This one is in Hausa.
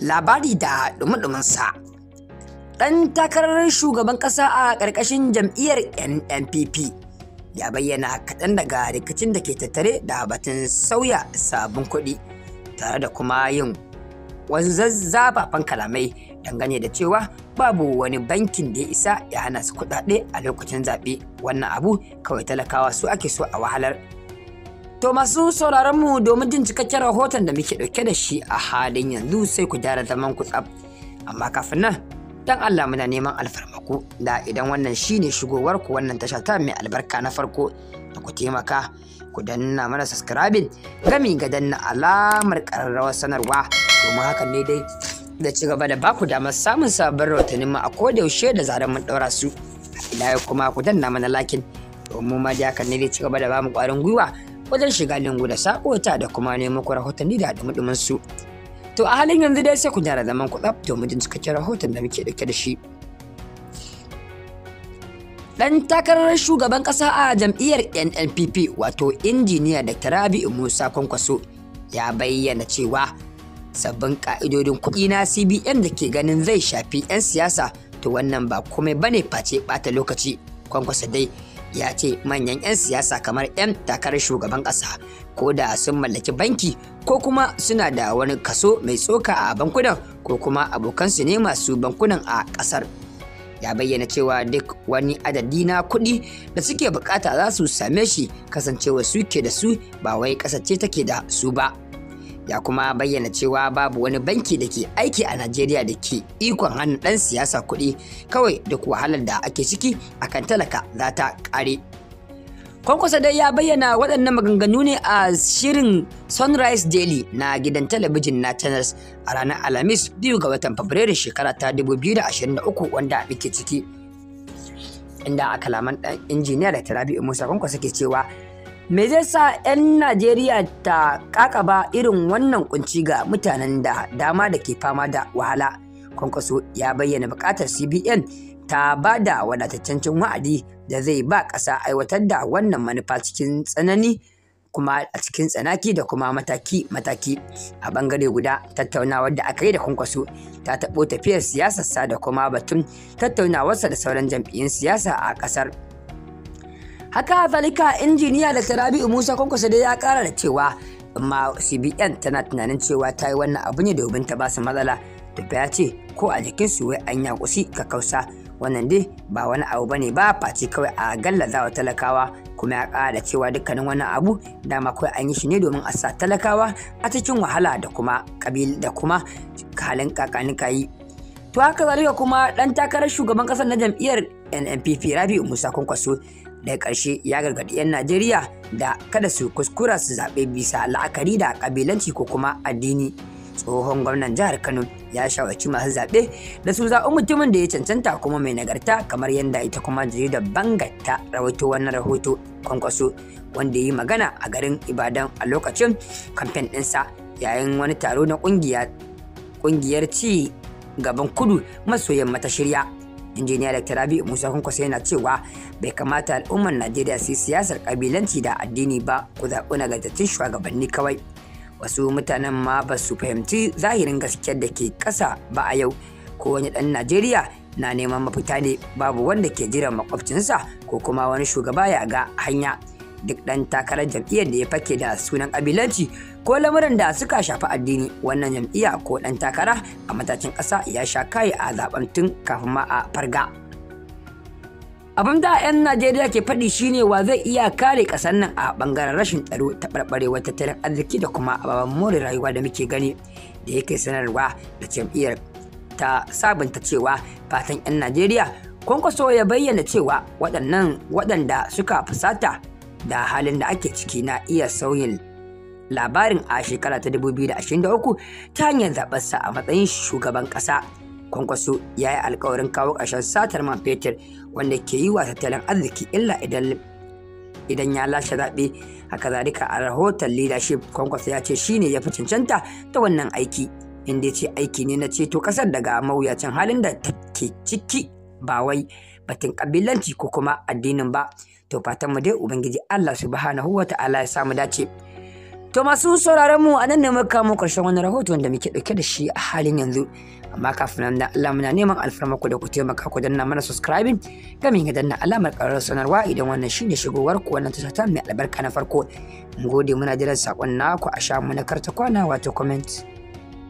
labari da dumudumunsa ɗan takarar shugaban ƙasa a ƙarƙashin jam'iyyar NNPP, ya bayyana kaɗan daga rikicin da ke tattare da batun sauya sabon kuɗi tare da kuma yin wanzazzafafan kalamai dangane da cewa babu wani bankin da ya isa ya hana su kuɗaɗe a lokacin zaɓe wannan abu kawai talakawa su ake so a wahalar To masu sauraron mu domin jin cikakken rahoton da muke dauke da shi a halin yanzu sai ku gyara zaman ku tsab. Amma kafin nan, dan Allah muna neman alfarmaku da idan wannan shine shigowar ku wannan tasha ta mai albarka na farko da ku taimaka ku danna mana subscribing gami ga danna alamar ƙararrawar sanarwa domin hakan ne dai da ci gaba da baku damar samun sabon rahotannin mu a kodayaushe da zaran mun daura su. Ila kuma ku danna mana lakin domin ma da hakan ne dai ci gaba da bamu ƙwarin gwiwa wajen shiga lingu da sakota da kuma neman ku rahotanni da dumudumin su. To a halin yanzu dai sai ku gyara zaman ku tsaf domin jin cikakken rahoton da muke dauke da shi. Ɗan takarar shugaban ƙasa a jam'iyyar NNPP wato injiniya Dr. Rabi'u Musa Kwankwaso ya bayyana cewa sabbin ka'idodin kuɗi na CBN da ke ganin zai shafi 'yan siyasa to wannan ba komai bane face bata lokaci. kwankwaso dai ya ce manyan 'yan siyasa kamar 'yan takarar shugaban ƙasa ko da sun mallaki banki ko kuma suna da wani kaso mai tsoka a bankunan ko kuma abokansu ne masu bankunan a ƙasar ya bayyana cewa duk wani adadi na kuɗi da suke bukata za su same shi kasancewa suke da su ba wai ƙasar ce take da su ba. ya kuma bayyana cewa babu wani banki da ke aiki a najeriya da ke ikon hannun ɗan siyasa kuɗi kawai duk wahalar da ake ciki akan talaka za ta ƙare kwankwasa dai ya bayyana waɗannan maganganu ne a shirin sunrise daily na gidan talabijin na channels a ranar alhamis biyu ga watan Fabrairu shekara ta 2023 wanda muke ciki inda a kalaman ɗan injiniya da rabi'u musa kwankwasa ke cewa Me zai sa 'yan Najeriya ta kakaba irin wannan kunci ga mutanen da dama da ke fama da wahala? Kwankwaso ya bayyana bukatar CBN ta ba da wadataccen wa'adi da zai ba ƙasa aiwatar da wannan manufa cikin tsanani kuma a cikin tsanaki da kuma mataki-mataki a bangare guda tattaunawar da aka yi da kwankwaso ta taɓo tafiyar siyasarsa da kuma batun tattaunawarsa da sauran jam'iyyun siyasa a ƙasar. haka zalika injiniya da rabi'u musa kwankwasa dai ya kara da cewa amma cbn tana tunanin cewa ta yi wannan abu ne domin ta ba su matsala da ya ce ko a jikin su wai an yakusi ka kausa wannan dai ba wani abu bane ba face kawai a gallazawa talakawa kuma ya kara da cewa dukkanin wannan abu dama kawai an yi shi ne domin a sa talakawa a cikin wahala da kuma kabil da kuma halin kakanika yi to haka zalika kuma dan takarar shugaban kasar na jam'iyyar nnpp rabi'u musa kwankwaso daga ƙarshe ya gargaɗi 'yan najeriya da kada su kuskura su zaɓe bisa la'akari da ƙabilanci ko kuma addini tsohon gwamnan jihar kano ya shawarci masu zaɓe da su zaɓi mutumin da ya cancanta kuma mai nagarta kamar yadda ita kuma jaridar banga ta rawaito wannan rahoto kwankwaso wanda ya yi magana a garin ibadan a lokacin kamfen ɗinsa yayin wani taro na ƙungiyar ci gaban kudu maso yamma ta shirya injiniya da tarabi musa kwankwaso yana cewa bai kamata al'ummar najeriya su yi siyasar kabilanci da addini ba ku zaɓi nagartattun shugabanni kawai wasu mutanen ma ba su fahimci zahirin gaskiyar da ke ƙasa ba a yau ko wani ɗan najeriya na neman mafita ne babu wanda ke jiran makwabcinsa ko kuma wani shugaba ya ga hanya duk ɗan takarar jam'iyyar da ya fake da sunan ƙabilanci ko lamuran da suka shafi addini wannan jam'iyya ko ɗan takara a matakin ƙasa ya sha kai a zaben tun kafin ma a farga. abin da 'yan najeriya ke faɗi shine wa zai iya kare ƙasar nan a ɓangaren rashin tsaro ta ɓarɓarewar tattalin arziki da kuma ababen more rayuwa da muke gani da yake sanarwa da jam'iyyar ta sabunta cewa fatan 'yan najeriya kwankwaso ya bayyana cewa waɗannan waɗanda suka fusata da halin da ake ciki na iya sauyin labarin a shekara ta 2023 ta hanyar zaɓarsa a matsayin shugaban ƙasa. Kwankwaso ya yi alkawarin kawo ƙarshen satar man fetur wanda ke yi wa tattalin arziki illa idan ya lashe zaɓe haka zalika a rahoton leadership kwankwaso ya ce shine ya fi cancanta ta wannan aiki inda ya ce aiki ne na ceto ƙasar daga mawuyacin halin da take ciki ba wai batun kabilanci, ko kuma addinin ba to fatan mu dai ubangiji Allah subhanahu wa ta'ala ya samu dace to masu sauraron mu anan ne muka mu karshen wani rahoton da muke dauke da shi a halin yanzu amma kafin nan Allah muna neman alfarma ku da ku taimaka ku danna mana subscribing gami ga danna alamar karar sanarwa idan wannan shine shigowar ku wannan tasha mai albarka na farko mun gode muna jiran sakon naku a sha mu na karta kwana wato comment